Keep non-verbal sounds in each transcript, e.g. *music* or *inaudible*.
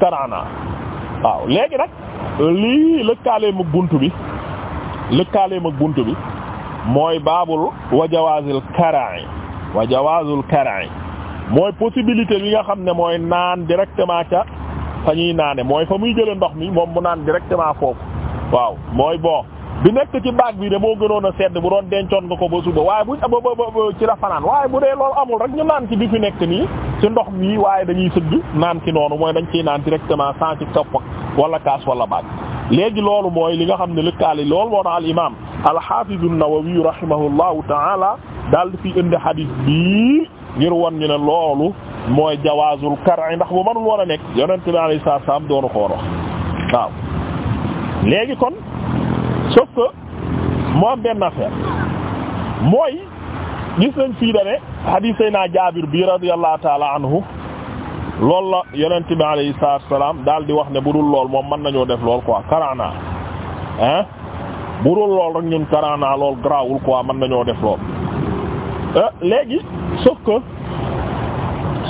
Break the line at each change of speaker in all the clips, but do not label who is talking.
karana waaw léegi nag lii lëkkaaleem ak bunt bi lëkkaaleem ak bunt bi mooy baabul wa jawaazul karan wa jawaazul karan mooy possibilité bi nga xam ne mooy naan directement ca fa ñuy naane mooy fa muy jële ndox mi moom mu naan directement foofu waaw mooy bon bi nekk ci baag bi de moo gënoon a sedd bu doon dencoon nga ko ba suba waaye bu ba ba ci la fanaan waaye bu dee loolu amul rek ñu naan ci bi fi nekk nii ci ndox mi waaye dañuy sëgg naan ci noonu mooy dañ ciy naan directement sans ci topp wala kaas wala baag léegi loolu mooy li nga xam ne lëkkaali loolu moo tax al imaam al-Hafiz an-Nawawi rahimahullahu ta'ala daal di fi indi hadith bii ngir won ñu ne loolu mooy jawaazul kar'i ndax bu mënul woon nekk yonent bi alayhi salaam doonu ko wax waaw kon sauf que moo am benn gis nañ fii dane hadis sayna Jaabir bi radiyallahu taala anhu loolu la yonent bi alayhi salaatu daal di wax ne bu dul lool moom mën nañoo def lool quoi karaana ah bu dul lool rek ñun karaana lool garaawul quoi mën nañoo def lool euh, léegi sauf que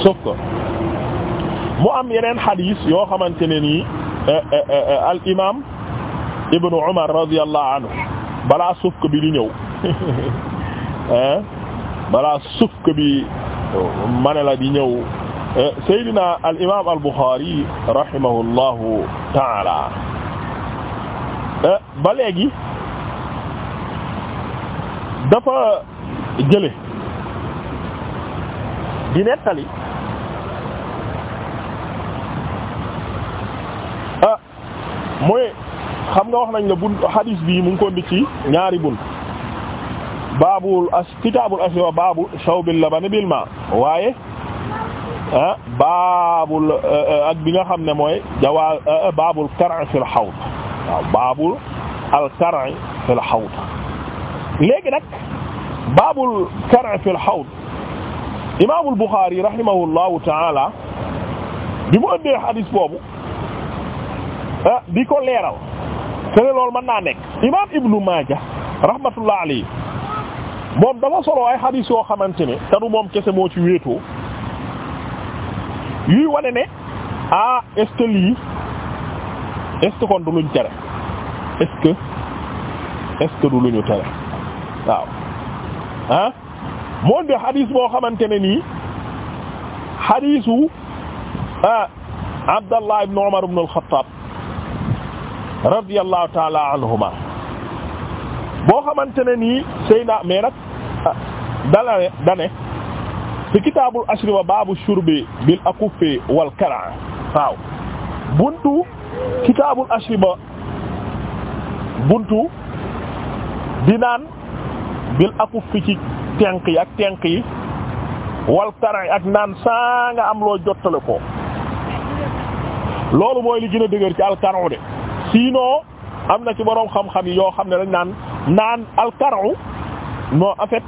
sauf que mu am yeneen hadis yoo xamante ne nii euh, euh, al imaam Ibn Umar radiyallahu anhu balaa sauf bi di ñëw *laughs* balaa sukk bi mane la di ñëw eh, Seydina al imaam al Buxaari rahimahullahu taala eh, ba léegi dafa jële di nettali ah mooy xam nga wax nañ la bunt hadis bii mu ngi ko indi ci ñaari bunt baabul as kitaabul aswa baabu shawbil labani bil ma waaye ah baabul eh, ak bi nga xam ne mooy jawaa eh, baabul kar'i fil hawd waaw baabul al kar'i fil hawd léegi nag baabul kar'i fil hawd imaamul Buxaari rahimahullahu ta'ala bi mu ëndee hadis boobu ah di ko leeral te loolu mën naa nekk imaam Ibnu Maaja rahmatullah alayhi moom dafa solo ay xadiis yoo xamante ne te moom kese moo ci wéetoo yuy wane ne ah est-ce que kon du luñ tere est-ce du luñu tere waaw ah moo de xadiis boo xamante ne nii xadiisu a ah, Abdallah ibn Umar ibn al-Khattab radiyallahu anhuma boo xamante ne nii sëy naa mais nag dala dane ci kitaabul ashriba baabu shurbi bil akuffi wal kara waaw buntu kitaabul ashriba buntu di naan bil akuffi ci tenk yi ak tenk yi wal kara ak naan saa nga am loo jottale ko loolu mooy li gën a dëgër ci alkaru de sinon am na ci boroom xam-xam yi yoo xam ne dañ naan naan alkaru non en fait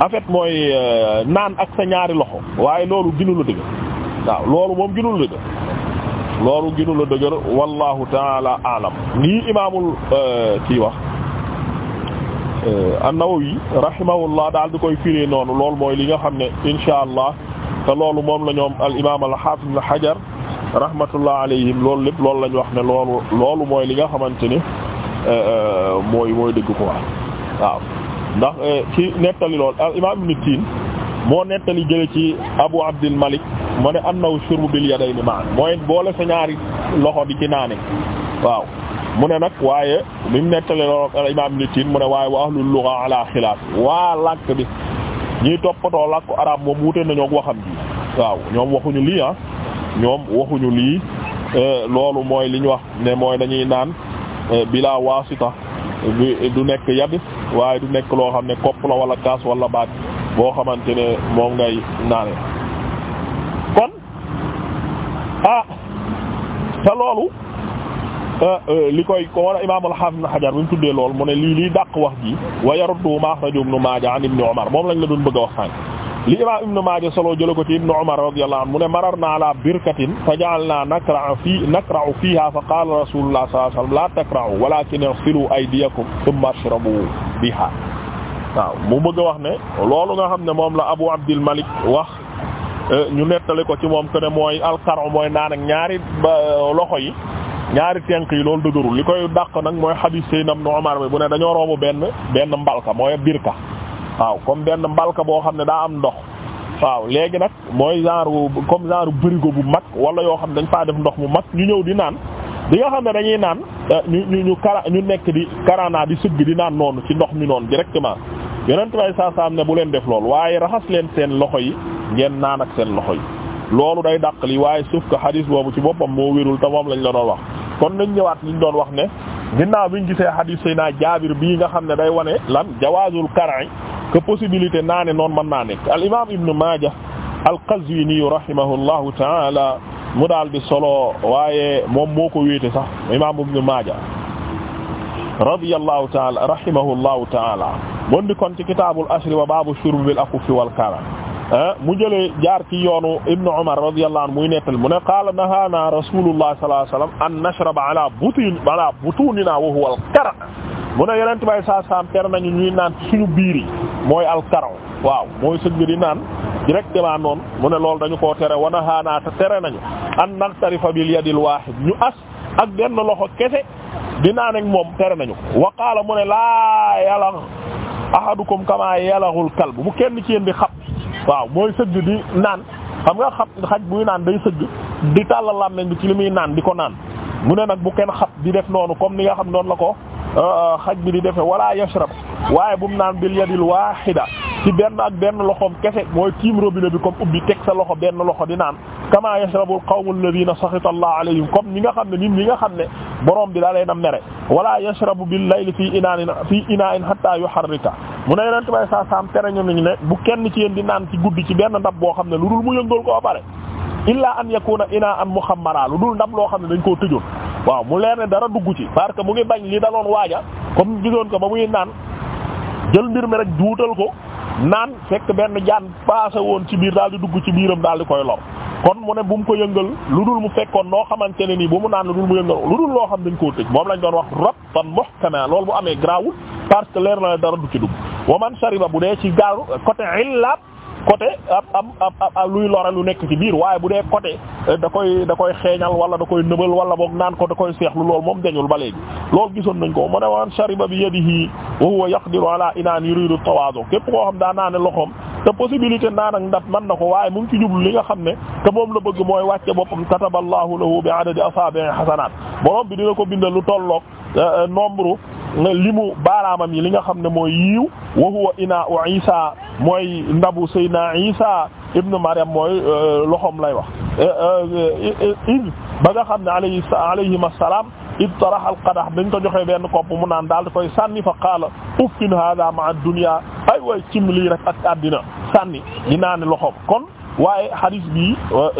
en fait mooy euh, naan ak sa ñaari loxo waaye loolu ginu la dëgër waaw loolu moom ginu la dëgër loolu ginu la dëgër wallahu taala alam nii imaamul euh, kii wax euh, an-Nawawi rahimahullah daal di koy firee noonu loolu mooy li nga xam ne insha te loolu moom la ñoom al imaam al hafiz al hajar rahmatullah alayhim loolu lépp loolu lañ wax ne loolu loolu mooy li nga xamante ni mooy mooy dëgg quoi waaw ndax euh, ci nettali lool al imaam ibn Tiin moo nettali jële ci Abu Abdil Malik mu ne annahu shurbu bil yadayni ma mooy boole sa ñaari loxo di ci naane waaw mu ne nag waaye li mu nettali lool al imaam ibn mu ne waaye wa ahlul lugha ala xilaaf waa làkk bi ñiy toppatoo làkku araab moom wute nañoo waxam ji waaw ñoom waxuñu lii ah ñoom waxuñu lii euh, loolu mooy li ñu wax ne mooy dañuy naan euh, bila wasita du nekk yabi waaye du nekk loo xam ne kopp la wala kaas wala baat boo xamante ne moom ngay naane kon ah te loolu ah, euh, li koy ko war a imaamul hafiz na xajar bi mu tuddee lool mu ne lii liy dàq wax ji wa yaruddu ma axraja ibnu maaja an ibni umar moom lañ la doon bëgg a wax sànq li imam ibnu Maaja solo jëla ko ci ibnu Umar radiyallahu anhu mu ne mararna ala birkatin fa ja'alna nakra'u fi nakra'u fiha fa qala rasulullah sallallahu alayhi la takra'u walakin ighsilu aydiyakum thumma ashrabu biha waaw mu bëgg a wax ne loolu nga xam ne moom la Abu Abdil Malik wax eh, ñu nettali ko ci moom que ne mooy alkaro mooy naan ñaari loxo yi ñaari tenk yi loolu dëgërul li koy dàq nag mooy hadith Seydina Ibnu Umar bi bu ne dañoo romb benn benn mbalka mooy birka waaw comme benn mbalka boo xam ne daa am ndox waaw léegi nag mooy genre comme genre bërigo bu mag wala yoo xam ne dañ faa def ndox mu mag ñu ñëw di naan di nga xam ne dañuy naan eh, ñu ñu ñu nekk di karana di sëgg di naan noonu ci ndox mi noonu directement yeneen way saa saa am ne bu leen def loolu waaye raxas leen seen loxo yi ngeen naan ak seen loxo yi loolu day dàq li waaye suuf que hadis boobu ci boppam moo wérul te moom lañ la doon wax kon nañ ñëwaat liñ doon wax ne ginnaaw biñ gisee hadis yi naa jaabir bii nga xam ne day wane lan jawaazul karay que possibilité naa ne noonu mën naa nekk al imam ibnu Maaja al Qazwini rahimahullahu taala mu daal di solo waaye moom moo ko wéete sax imam ibnu Maaja radiyallahu taala rahimahullahu taala bon di kon ci kitaabul ashri wa baabu shurb bil akuffi wal karam eh, mu jëlee jaar ci yoonu ibnu Umar radiyallahu anhu muy nettal mu ne qaala nahaana rasulullah sallallahu alayhi wasallam an nashraba ala butun ala butunina wa huwa al kara mu ne yeneen tubaab saa saam ter nañu ñuy naan suñu biir yi mooy alkaraw waaw mooy sëgg di naan directement noonu mu ne loolu dañu koo tere wana xaanaata tere nañu an naqtarifa bil yadil waahid ñu as ak benn loxo kese di naan ak moom tere nañu ko wa qaala mu ne laa yàlla ahadukum kama yalaxul kalb bu kenn ci yéen di xab waaw mooy sëgg di naan xam nga xab xaj buy naan day sëgg di tàllal làmmiñ bi ci li muy naan di ko naan mu ne nag bu kenn xap di def noonu comme ni xam noonu la ko Euh, xaj bi di defe wala yashrab waaye bu mu naan bil yadil wahida ci benn ak benn loxoom kese mooy tiim robinet bi comme ubbi teg sa loxo benn loxo di naan kama yashrabul qawmul ladina saxita allah alayhim comme ñi nga xam ne nit ñi nga xam ne borom bi daa leen a mere wala yashrabu bil layli fii inaanin fii inaain hatta mu ne yonent bay saa saam tere ñu ne bu kenn ci yen di naan ci guddi ci benn ndab boo xam ne lu dul mu yëngal ko ba pare illa an yakuna inaa an lu dul loo xam ne dañ koo tëjoon waaw mu leer ne dara dugg ci parce que mu ngi bañ li daloon waaja comme gisoon ko ba muy naan jël mbir mi rek juutal ko naan fekk benn jaan paase woon ci biir daal di dugg ci biiram daal di koy lor kon mu ne bu mu ko yëngal lu dul mu fekkoon noo xamante ne nii bu mu naan lu dul mu yëngal lu dul loo xam dañ koo tëj moom lañ doon wax rabtan muhkama loolu bu amee grawul parce que leer na dara du ci dugg wa man shariba bu dee ci gaaru côté illaat côté ab ab luy lore lu nekk ci biir waaye bu dee côté euh, da koy da koy xeeñal wala da koy nëbal wala boog naan ko da koy seexlu lool moom dañul ba léegi loolu gisoon nañ ko mu ne waan shariba bi yadihi wa huwa yaqdiru ala inaan yuridu tawaadu képp koo xam daa naane loxoom te possibilité naan ak ndat man na ko waaye mu ngi ci jublu li nga xam ne te moom la bëgg mooy wàcce boppam kataballahu lahu bi adadi asaabi'i xasanaat borom bi dina ko bindal lu tolloog euh, euh, nombre yi li nga xam ne mooy yiiw wa huwa inaa isa mooy ndabu Seydina Isa ibnu Maryam mooy euh, loxoom lay wax euh, euh, id ba nga xam ne alayhi alayhim assalaam id taraha al qadax dañ ko joxee benn kopp mu naan daal di koy sànni fa qaala uffin hada ma dunya ay way cim lii rek ak àddina sànni di naa ne loxoom kon waaye hadis bi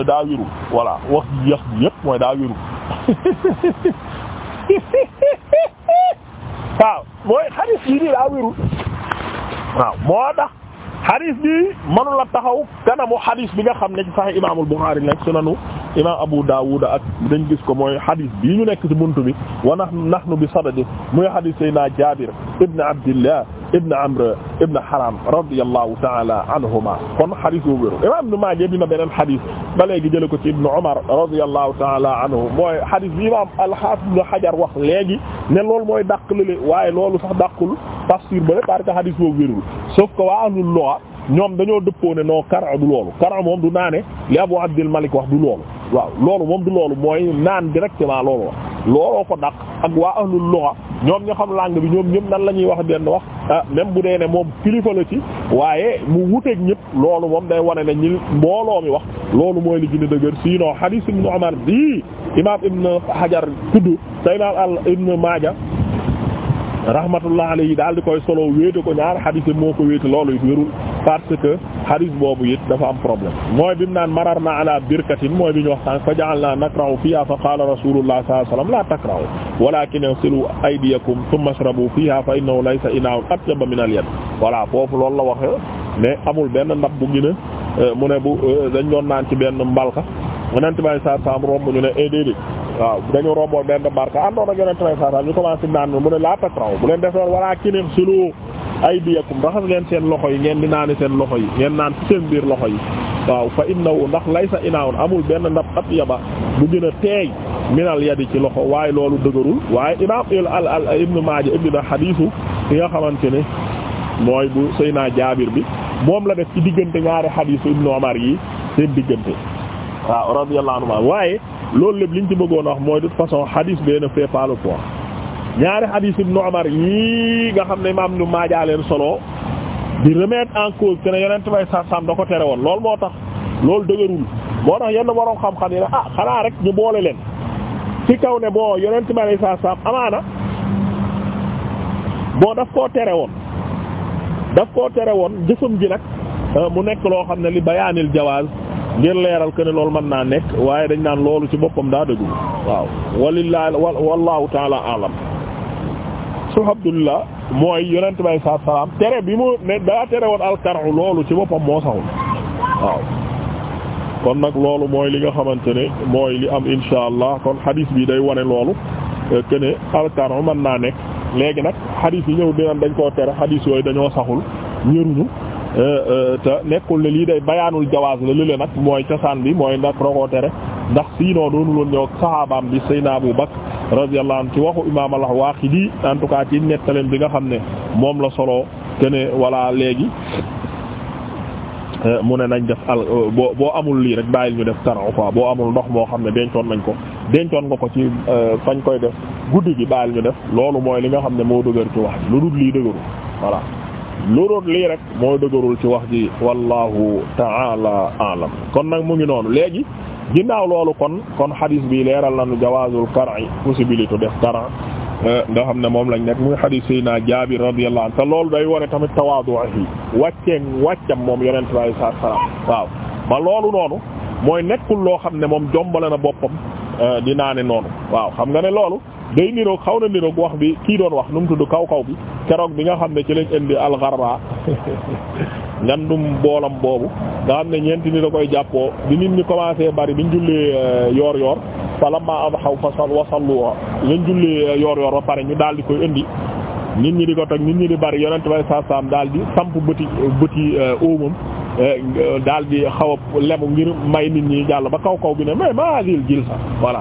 daa wérul voilà wax ji yéex bi yëpp mooy daa wérul *laughs* waaw mooy hadis bi nii daa wérul waaw moo tax xadis bi mënul a taxaw kanamu xadis bi nga xam ne ci Sahih imaamul Buxaari nekk sunanu imaam Abu Daawud ak dañ gis ko mooy xadis bii ñu nekk ci buntu bi wa nahnu bi sadadi muy xadis Seydina Jaabir ibn Abdillah ibn Amr ibn Haram radiyallahu ta'ala anhuma kon xadis bu wér imam Ibn Maaja dina beneen xadis ba léegi jële ko ci ibn Umar radiyallahu ta'ala anhu mooy xadis bi imam al-Hafiz Ibn Hajar wax léegi ne loolu mooy dàq lale waaye loolu sax dàqul tafsir ba parce que xadis boobu wérul sauf que waa ahlul lugha ñoom dañoo dëppoo ne noo kara du loolu kara moom du naane li Abu Abdul Malik wax du loolu waaw loolu moom du loolu mooy naan directement loolu wax looloo ko daq ak waa ahlul lugha ñoom ñoo xam langue bi ñoom ñëpp nan la ñuy wax denn wax ah, même bu dee ne moom kilifa la ci waaye mu wuteeg ñëpp loolu moom day wane ne ñi mbooloo mi wax loolu mooy li gën a dëgër sinon hadith ibn Umar bi imam ibn Hajar tudd te imam al ibn Maaja rahmatullah alayhi daal di koy solo wéete ko ñaar xadis moo ko wéete loolu it wérul parce que boobu it dafa am problème mooy bi mu naan marar na ala birkatin mooy bi ñu wax sànq fa ja'alna nakrahu fiha fa qala rasulullah sallallahu alayhi wasallam takrahu walakin silu aydiyakum thumma ashrabu fiha fa innahu laysa inaa'un atyab min al yad foofu loolu la waxe mais amul benn ndab bu gën a euh, mu ne bu euh, dañ doon naan ci benn mbalka yonent bi sallallahu alayhi wasallam romb ñu eh, waaw dañu romboon benn barka àndoon ak yeneen traçage ñu commencé naan mu ne la pétrole bu leen defoon wala kinin silo ay biyakum raxas leen seen loxo yi ngeen di naani seen loxo yi ngeen naan ci seen biir loxo yi waaw fa innahu ndax laysa inaawun amul benn ndab at yaba bu gën a teey minal yadi ci loxo waaye loolu dëgërul waaye imaam al al ibnu Maaja indi na xadiisu yi nga xamante ne mooy bu Seyna Jaabir bi moom la def ci diggante ñaari xadiisu ibnu Umar yi seen diggante waaw radiyallahu anhu waaye loolu lépp liñ ci bëggoon a wax mooy de façon hadis bee ne fait pas le poids ñaari hadis Ibnu Umar yii nga xam ne maam lu maajaa leen solo di remettre en cause que ne yonent bay sàrsam da ko tere woon lool moo tax loolu dëgërul moo tax yenn borom xam-xam yi ne ah xanaa rek ñu boole leen ci kaw ne boo yonent bay sàrsam amaana boo daf koo tere woon daf koo tere woon jëfam ji nag euh, mu nekk loo xam ne li bayaanil jawaaz ngir leeral que ne loolu mën naa nekk waaye dañ naan loolu ci boppam daa dëggul waaw walilah wallahu taala alam su abdullah mooy yonent bay saa salaam tere bi mu ne daa tere woon alkarxu loolu ci boppam moo saxul waaw kon nag loolu mooy li nga xamante ne mooy li am insha kon xadiis bii day wane loolu euh, que ne alkarxu mën naa nekk léegi nag xadiis yi ñëw dinañ dañ koo tere xadiis yooyu dañoo saxul ñëruñu Euh, euh, te nekkul ne lii de bayaanul jawaaz la lële nag mooy cosaan bi mooy ndax rokoo tere ndax siinoo doonu loon ñëw ak saxaabaam bi Seydina Abu Bakr radiyallahu anhu ci waxu imaam al-Waaqidi en tout cas ci leen bi nga xam ne moom la solo te ne léegi euh, mu ne nañ def al boo boo amul lii rek bàyyil ñu def taran quoi boo amul ndox moo xam ne dencoon nañ ko dencoon nga ko ci fañ koy def guddi gi bàyyil ñu def loolu mooy li nga xam ne moo dëgër ci wax lu dul lii loróot lii rek mooy dëgërul ci wax ji wallahu taala alam kon nag mu ngi noonu léegi ginnaaw loolu kon kon xadis bi leeral nañu jawaazul kar'i possibilité def kara eh, nga xam ne moom lañ nekk muy xadis sayna Jaabir radiyallahu anhu te loolu day wone tamit tawaaduhi wàcceen wàccam moom yonent bi alayhi salaatu salaam waaw ba loolu noonu mooy nekkul loo xam ne moom jombale na boppam eh, dinaa ne noonu waaw xam nga ne loolu day niroog xaw na niroog wax bi kii doon wax nu mu tudd kaw kaw bi keroog bi nga xam ne ci lañ indi alxarba *laughs* ngandum boolam boobu nga xam ne ñeenti ni da koy jàppoo bi nit ñi commencé bari biñ julli euh, yoor yoor falamma adhaw fasal wasallu lañ julli euh, yoor yoor ba pare ñu daal di koy indi nit ñi di ko nit ñi di bari yonent bay sa sam daal di samp bëti bëti euh, óomam daal di xaw a lemu ngir may nit ñi jàll ba kaw kaw bi ne mais ma dil jil sax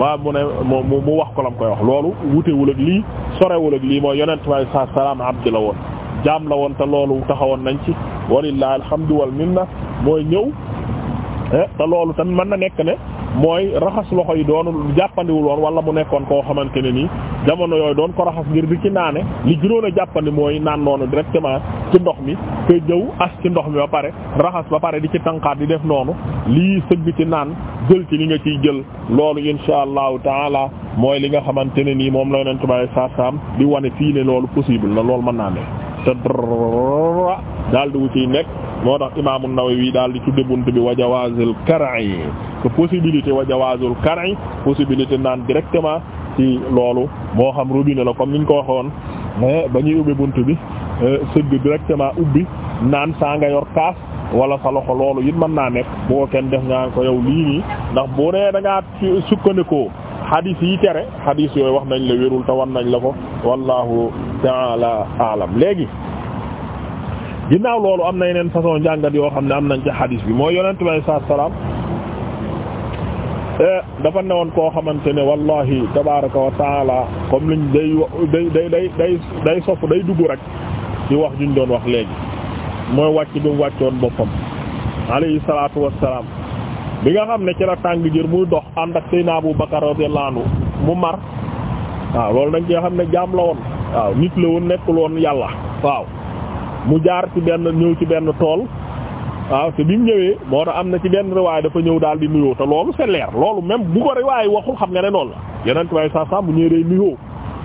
waa mu ne mu mu wax ko lam koy wax loolu wutewul ak lii sore sorewul ak lii mooy yonent bi alayhi salaatu salaam abdi la woon jaam la woon te loolu taxawoon nañ ci walillahi alhamdu wal minna mooy ñëw eh te loolu tamit mën na nekk ne mooy raxas loxo yi doonu jàppandiwul woon wala mu nekkoon koo xamante ne nii jamono yooyu doon ko raxas ngir di ci naane li gënoon a jàppandi mooy naan noonu directement ci ndox mi te jëw as ci ndox mi ba pare raxas ba pare di ci tànqaat di def noonu lii sëgg ci naan jël ci li nga ciy jël loolu insha allahu taala mooy li nga xamante ne nii moom la yonent bi saa saam di wane fii ne loolu possible na loolu mën naa ne te dara daal di wu ciy nekk moo tax imaamu Nawawi daal di tudde bunt bi wa jawaazul kar'i que possibilité wa jawaazul kar'i possibilité naan directement ci loolu moo xam robinet la comme niñ ko waxoon mais ba ñuy ubbi bunt bi sëgg directement ubbi naan saa nga yor kaas wala sa loxo loolu it mën naa nekk boo kenn def nga ko yow lii nii ndax boo nee da ngaa sukkandikoo. xadis yi tere xadis yooyu wax nañ la wérul te nañ la ko wallahu taala alam léegi ginnaaw loolu am na yeneen façon njàngat yoo xam ne am nañ ca xadis bi mooy yonent bi alayhi salaam eh, dafa newoon koo xamante ne wallahi tabaraka wa taala comme liñ day day day day day day sopp day dugg rek ci wax juñ doon wax léegi mooy wàcc bi mu wàccoon boppam alayhi salaatu wassalaam bi nga xam ne ci la tàng jër muy dox ànd ak Seydina Abu Bakar radiyallahu anhu mu mar waaw loolu dañ ci xam ne jaam la woon waaw nit la woon nekkul woon yàlla waaw mu jaar ci benn ñëw ci benn tool waaw te bi ñëwee moo tax am na ci benn riwaay dafa ñëw daal di nuyoo te loolu c'est leer loolu même bu ko riwaay waxul xam nga ne noon la yeneen riwaay sax sax bu ñëwee day nuyoo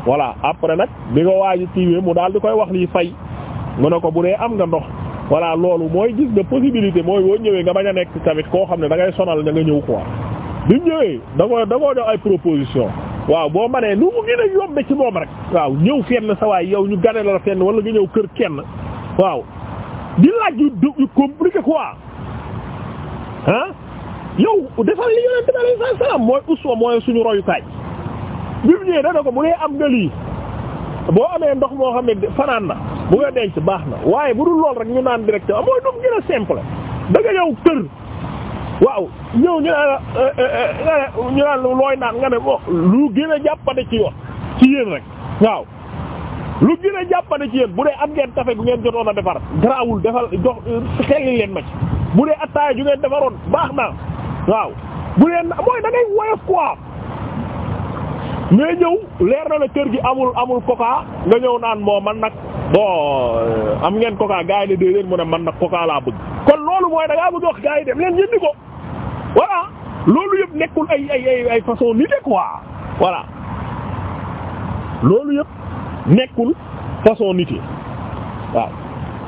voilà après nag bi nga waaj a tiiwee mu daal di koy wax lii fay mu ne ko bu dee am nga ndox voilà loolu mooy gis nga possibilité mooy boo ñëwee nga bañ a nekk tamit koo xam ne dangay sonal da nga ñëw quoi bi ñëwee da ko da koo ay proposition waaw boo manee nu mu gën a ci moom rek waaw ñëw fenn sa waay yow ñu gane la fenn wala nga ñëw kër kenn waaw di laaj yu yu compliqué quoi ah yow defal li yonent bi alayhi salaam mooy uswa mooy suñu royukaay bi mu ñëwee da ko bu dee am nga lii boo amee ndox moo xam ne fanaan na bu nga denc baax na waaye bu dul lool rek ñu naan direct mooy dum gën a simple da nga yow tër waaw ñëw ñu naan euh, euh, euh, ñu naan looy naan nga ne bo lu gën a jàppande ci yoon ci yéen rek waaw lu gën a jàppande ci yéen bu dee am ngeen tafe gu ngeen jotoon a defar garaawul defal jox xelli leen ma ci bu dee attaaya ju ngeen defaroon baax na waaw bu dee mooy da ngay woyof quoi mais ñëw leer na na kër gi amul amul coca nga ñëw naan moo man nag bon euh, am ngeen koka gars yi ne déedéet mu ne man nag coca laa bëgg. kon loolu mooy da ngaa bëgg wax gars dem leen jëndi ko voilà loolu yëpp nekkul ay ay ay ay façon nit quoi voilà loolu nekkul façon nit waaw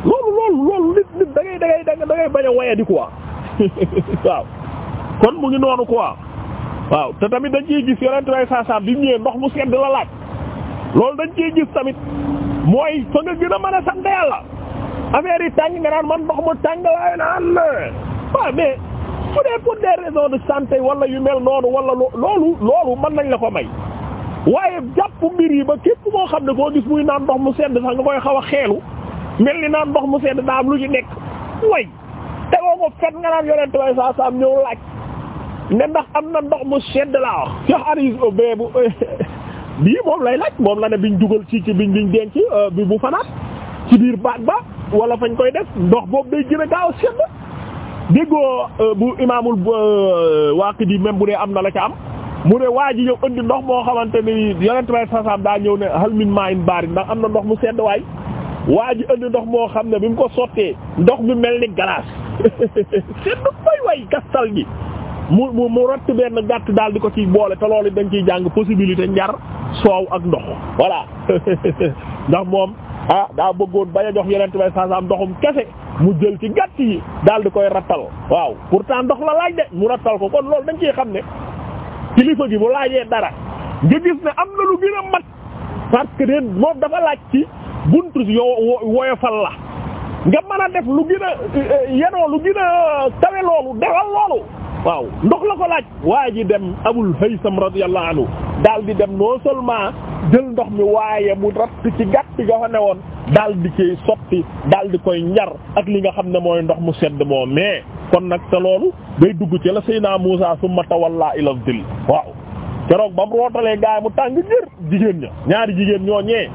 loolu loolu loolu nit nit da ngay da bañ a waya di quoi *laughs* waaw kon mu ngi noonu quoi. waaw te tamit dañ ciy gis yonent way saasaam bi ñëwee ndox mu sedd la laaj loolu dañ ciy gis tamit mooy fa nga gën a mën a sant yàlla affaire yi tàng nga naan man ndox mu tàng laay naan waaw mais fu dee pour des raisons yu mel noonu wala loolu loolu mën nañ la ko may waaye jàpp mbir yi ba képp moo xam ne koo gis muy naan ndox mu sedd sax nga koy xaw a xeelu mel ni naan ndox mu sedd daa am lu ci nekk way tegoo ko fet nga naan yonent way saasaam ñëw laaj ne ndax am na ndox mu sedd laa wax ci xaris bi bii moom lay laaj moom la ne biñ dugal ci ci biñ biñ denc euh, bi bu fanaat ci biir baat ba wala fañ koy def ndox boobu day gën a gaaw sedd déggoo euh, bu euh, même bu dee am na la ca am mu ne waa ji ñëw indi ndox moo xamante ni yonent daa ñëw ne hal min ma'in baari ndax am na ndox mu sedd waay waa ji indi ndox moo xam ne bi mu ko sottee ndox mi mel ni glace *laughs* sedd bay way kastal gi mu mu mu rott benn gàtt daal di ko ci boole te loolu dañ ciy jàng possibilité njar soow ak ndox voilà *laughs* ndax moom ah daa bëggoon bañ a jox yeneen bay saa am ndoxum kese mu jël ci gàtt yi daal di koy rattal waaw pourtant ndox la laaj de mu rattal ko kon loolu dañ ciy xam ne kilifa gi bu laajee dara nga gis ne am na lu gën a mat parce que moom dafa laaj ci buntu si yow woyofal la. nga mën a def lu gën a eh, yenoo lu gën tawe loolu defal loolu waaw ndox la ko laaj waa ji dem abul haysam radiyallahu anhu daal di dem non seulement jël ndox mi waaye mu ratt ci gàtt ga fa ne woon daal di koy sotti daal di koy ñar ak li nga xam ne mooy ndox mu sedd moo mais kon nag te loolu day dugg ci la Seydina Muusaa summa tawalla ila dhil waaw keroog ba mu rootalee gaay mu tàng jër jigéen ña ñaari jigéen ñoo ñee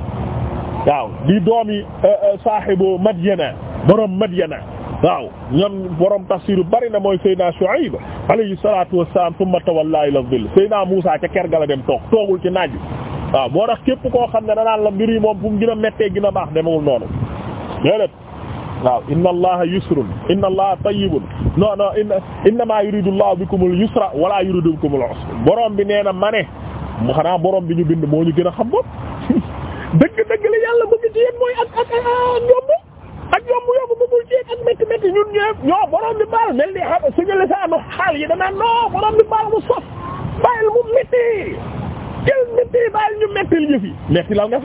waaw di doomi eh, eh, saahibu Madyana borom Madyana waaw ñoom borom tafsir yu bari na mooy Seydina Shuayb alayhi salaatu wassalaam thumma tawallaa ilaa dhill Seydina Muusaa ca kër ga la dem toog toogul ci naaj waaw boo tax képp koo xam ne danaan la mbir yi moom fu mu gën a méttee gën a baax demewul noonu déedéet waaw inna allaha yusrun inna allaha tayyibun non non inna innamaa yuridu llahu bikumul yusra wala yuridu bikumul usra borom bi nee na ma ne xanaa borom bi ñu bind moo ñu gën a xam bopp dëgg dëgg la yàlla bëgg ci yéen mooy ak ak yomb ak yomb ak métti ñoo borom mel ni xam suñu saanu xaal yi danaa non borom bi baal mu sof bàyyil mu métti tel la nga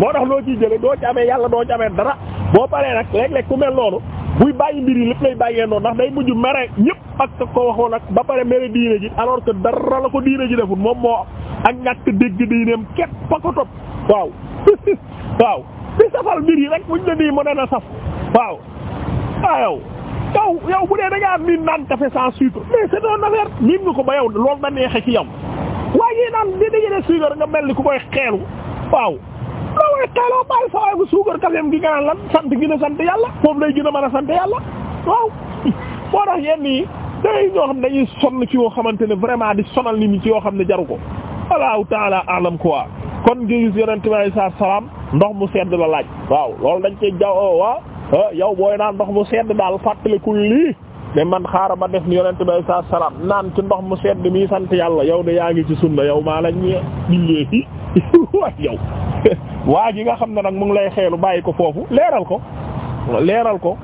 moo tax loo ciy jële doo ci amee yàlla doo ci dara boo paree nag léeg-léeg mel noonu buy bàyyi mbir yi lay bàyyee noonu ndax day mujj mere ñëpp ak ko waxoon ak ba pare mere diine ji alors que dara ko diine ji moom moo ak ñàkk dégg diineem képp a ko topp waaw *laughs* waaw di safal mbir yi rek buñ la nii mu ne na saf waaw ah yow yow yow bu dee da ngaa miin naan café sans sucre mais c'est une affaire miin ko ba yow loolu da neexe ci yow waaye yéen naan di dajale sucre nga mel ni ku koy xeelu waaw loo koy xeeloo bàyyi sa waay bu sucre caféem nga naan lan sant gën sant yàlla moom lay gën a mën a sant yàlla waaw *laughs* moo tax yenn yi day ñoo xam dañuy sonn ci yoo xamante ne vraiment di sonal nit ñi ci yoo xam ne jaru ko allahu taala alam kon nga gis yonent bi alayhi salaatu salaam ndox mu sedd la laaj waaw loolu dañ cee jaw oh, waaw ah, yow booy naan ndox mu sedd daal fàttalikul lii ne man xaaral ma def ni yonent bi alayhi salaatu salaam naan ci ndox mu sedd mi sant yàlla yow de yaa ngi ci sunna yow maa la ñee billaahi *laughs* waay yow *laughs* waa ji nga xam na nag mu ngi lay xeelu bàyyi ko foofu leeral ko leeral ko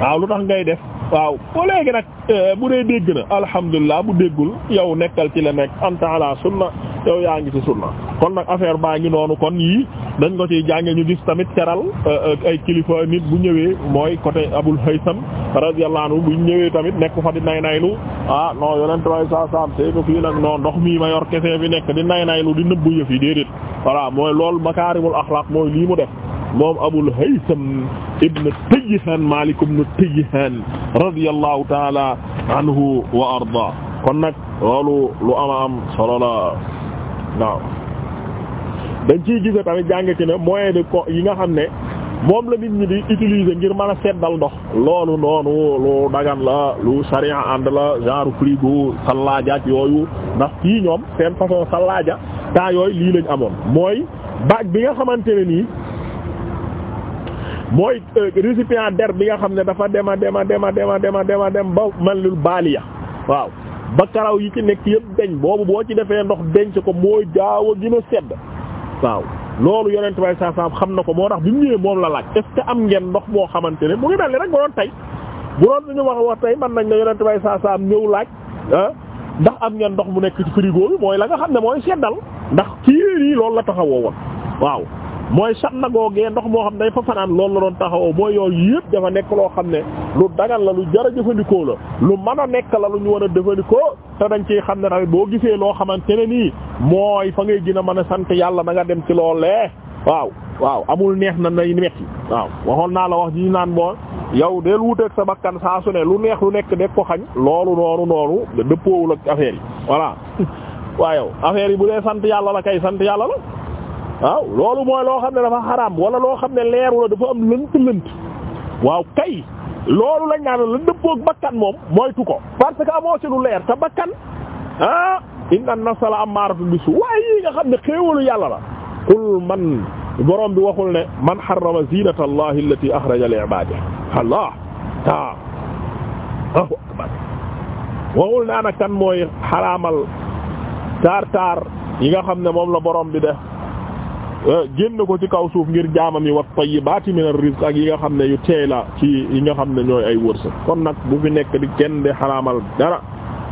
waaw lu tax ngay def waaw ba léegi nag eh, bu dee dégg na alhamdulilah bu déggul yow nekkal ci la nekk anta ala sunna yow yaa ngi ci sunna kon nag affaire baa ngi noonu kon yii dañ ko ciy jànge ñu gis tamit teral euh, euh, ay kilifa nit bu ñëwee mooy côté Abul Haysam radiyallahu bu ñëwee tamit nekk fa di nay naylu ah non yonent way sa fii nag non ndox mi ma yor kese bi nekk di nay naylu di nëbbu yëf yi déedéet voilà mooy loolu makaarimul axlaaq mooy lii mu def moom Abul Haytham ibn Tayyihan Maalik ibn Tayyihan radiyallahu ta'ala anhu wa arda kon nag loolu lu ama am solo la waaw dañ ciy gise tamit jànge ci ne moyen de ko yi nga xam ne moom la nit ñi di utiliser ngir mën a seddal ndox loolu noonu lu dagan la lu sharia ànd la genre frigo sallaaja ak yooyu ndax fii ñoom seen façon sallaaja temps yooyu lii lañ amoon mooy baag bi nga xamante ne nii mooy euh, récipient der bi nga xam ne dafa dema dema dema dema dema dema dem ba man melul ya waaw ba karaw yi ci nekk yëpp deñ boobu boo ci defee ndox denc ko mooy gaaw a gën waaw loolu yonent bay saa saam xam na ko moo tax bi mu ñëwee moom la laaj est-ce que am ngeen ndox boo xamante ne mu ngi mel ni rek bu doon tey bu doon suñu wax wax tey man nañ ne yonent bay saa saam ñëw laaj ah, ndax am ngeen ndox mu nekk ci frigo bi mooy la nga xam ne mooy seddal ndax ci yi loolu la taxawoo woon waaw mooy sànna googee ndox moo xam day fa fanaan loolu la doon taxawoo mooy yooyu yëpp dafa nekk loo xam ne lu dagal la lu jar a jëfandikoo la lu man a nekk la lu ñu war a jëfandikoo te dañ ciy xam ne tamit boo gisee loo xamante ne nii mooy fa ngay gën a mën a sant yàlla na nga dem ci lee waaw waaw amul neex na nay metti waaw waxoon naa la wax ji naan moo yow deel wuteeg sa bakkan saa su ne lu neex lu nekk deg ko xañ loolu noonu noonu dëppoowul ak affaire yi *laughs* yow affaire yi sant yàlla la kay sant yàlla la waaw loolu mooy loo xam ne dafa xaraam wala loo xam ne leeru la dafa am lënt lënt waaw kay loolu lañ naan la dëppook bakkan moom moytu ko parce que amoo ci lu leer te bakkan ah inna nafsa la ammaaratu bisu waaye yi nga xam ne xéewalu yàlla la qul man borom bi waxul ne man harrama zinata allahi allati axraja li ibaadihi allah ta Allahu akbar waxul ne ana kan mooy xaraamal taar taar yi nga xam ne moom la borom bi def Eh, génn ko ci kaw suuf ngir jaamam yi wat tayyibati min ar-rizq ak yi nga xam ne yu teey la ci yi nga xam ne ñooy ay wërsëg kon nag bu fi nekk di kenn di xaraamal dara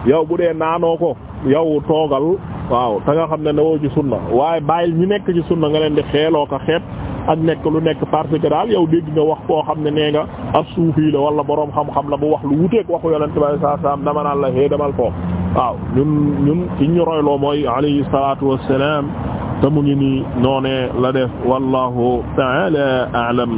yow bu dee naanoo ko yow toogal waaw ta nga xam ne newoo ci sunna waaye bàyyil ñu nekk ci sunna nga leen di xeeloo ko xeet ak nekk lu nekk parce que daal yow dégg nga wax koo xam ne nee nga as suufi la wala boroom xam-xam la bu wax lu wuteek waxu yonent bi saa saam dama naan la xëy demal ko waaw ñun ñun te mu ngi nii noonee la def wallahu taala aalam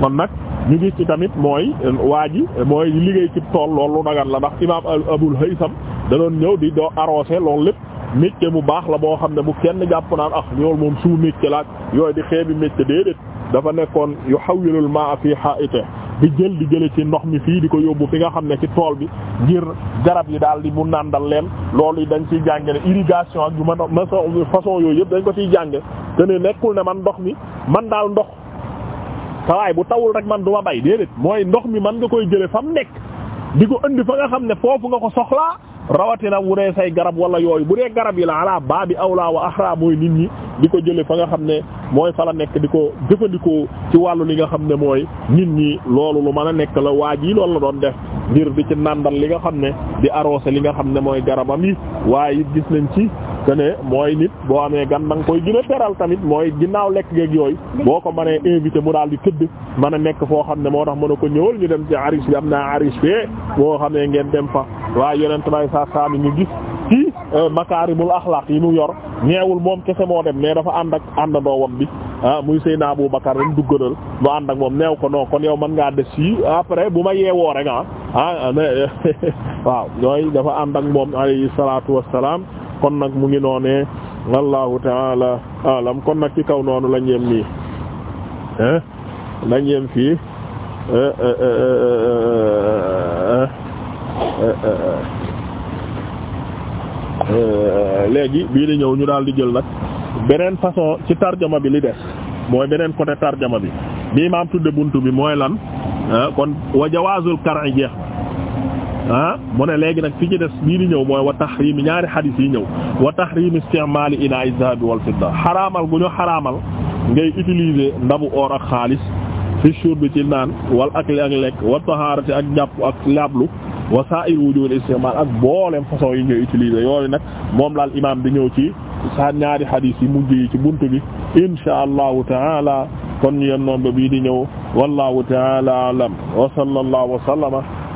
kon nag ñu gis ci tamit mooy waa ji mooy liggéey ci tool loolu dagan la ndax imaam Abul Haysam da doon ñëw di doo arrosé loolu lépp métier mu baax la boo xam ne bu kenn jàpp naan ah loolu moom suu métier la yooyu di xeebi métier déedéet dafa nekkoon yu yuhawwilul ma'a fi haa'itihi di jël di jële ci ndox mi fii di ko yóbbu fi nga xam ne ci tool bi ngir garab yi daal di mu nàndal leen loolu dañ ciy jànge ne irrigation ak yu ma façon yooyu yëpp dañ ko ciy jànge te ne nekkul ne man ndox mi man daal ndox sawaay bu tawul rek man du ma bay déedéet mooy ndox mi man nga koy jële fa mu nekk di ko indi fa nga xam ne foofu nga ko soxlaa rawatina bu dee say garab wala yooyu bu dee garab yi la ala baa bi awla wa axra mooy nit ñi di ko jële fa nga xam ne mooy fa la nekk di ko jëfandikoo ci wàllu li nga xam ne mooy nit ñi loolu lu mën a nekk la waa ji loolu la doon def ngir di ci nàndal li nga xam ne di arrosé li nga xam ne mooy garabam yi waaye it gis nañ ci que ne mooy nit boo amee gan da nga koy gën a teral tamit mooy ginnaaw lekk geeg yooyu boo ko manee invité mu daal di tëdd mën a nekk foo xam ne moo tax mën a ko ñëwal ñu dem ci aris bi am naa aris fee boo xam ne ngeen dem fa waaye yonent bay sa sami ñu gis ci euh, makaarimul axlaaq yi mu yor ñeewul moom kese moo dem mais dafa ànd ak àndandoo wam bi ah muy Seydina Abu Bakar ren duggalal mu ànd ak moom neew ko noo kon yow mën ngaa des yi après bu ma yeewoo rek ah, ah *laughs* yooyu dafa ànd moom alayhi salaatu kon nag mu ngi noonee wallahu taala alam kon nag ci kaw noonu la yem nii hein lañ fii léegi bii di ñëw ñu daal di jël nag beneen façon ci tarjama bi li des mooy beneen côté tarjama bi bi imaam tudde buntu bi mooy lan kon wa jawaazul kar'i jeex ah mu ne léegi nag fi ci des bii di ñëw mooy wa tahrim ñaari xadiis yi ñëw wa tahrim isti'mal inaa'i dhahabi wal fidda xaraamal gu ñu xaraamal ngay utiliser ndabu or ak xaalis fi shurbi ci naan wal akli ak lekk wa taharati ak jàpp ak lablu wa sa'ir wujuhul isti'mal ak boole façon yi ngay utiliser yooyu nag moom laal imaam di ñëw ci sa ñaari xadiis yi mujj yi ci buntu bi insha allahu taala kon ñu yem noon ba bii di ñëw wallahu taala alam wa sallallahu wa sallama